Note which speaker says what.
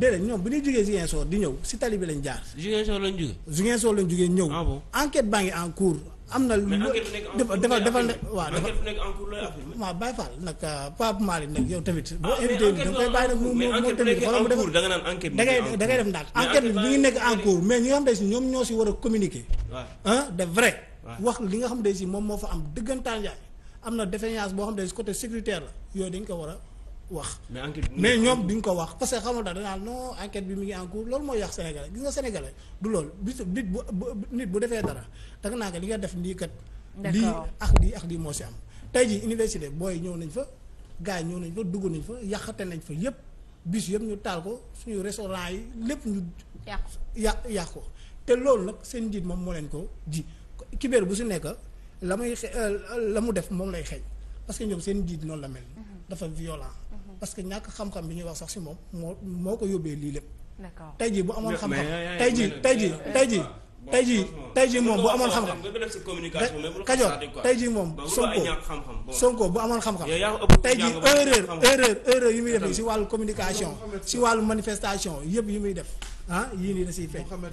Speaker 1: déedéet ñoom bu ñuy jógee Ziguinchor di ñëw si tali bi lañ jaar. Ziguinchor lañ jógee. Ziguinchor lañ jógee ñëw. Ah enquête baa ngi en cours. am na lu defal defal defal waaw defal waaw Baye Fall nag euh, Pape Malick nag yow tamit ah, boo da koy bàyyi nag mu mu tamit wala mu defal da nga naan enquête da ngay en cours mais ñi xam ne si ñoom ñoo si war a communiquer de vrai wax li nga xam ne si moom moo fa am dëggantaan yaay am na défaillance boo xam ne si côté sécuritaire la yooyu dañ ko war a wax. mais enquête mais ñoom duñ ko wax parce que xamul tax danaa non enquête bi mu ngi en loolu mooy yàq sénégalais gis nga sénégalais du loolu bis nit bu nit bu defee dara danga naa ko li nga def nii kat. lii ak lii ak lii moo si am. tey jii université booy ñëw nañ fa gars yi ñëw nañ fa dugg nañ fa yàqate nañ fa yëpp bis yëpp ñu taal ko suñu restaurant yi lépp ñu. yàq yàq yàq ko te loolu nag seen njiit moom moo leen ko ji kibeer bu si nekk la muy euh, la mu def moom lay xeeñ parce que ñoom seen njiit noonu la mel. Mhm. dafa violent. parce que ñàkk xam-xam bi ñuy wax sax si moom moo moo ko yóbbee lii lépp. d'accord jii bu amoon xam-xam tey jii tey jii tey jii. tey jii tey jii moom bu amoon xam-xam Kajoor tey jii moom Sonko Sonko bu amoon xam-xam tey jii erreur erreur erreur yi muy def si wàllu communication si wàllu manifestation yëpp yi muy def ah yii nii da siy feeñ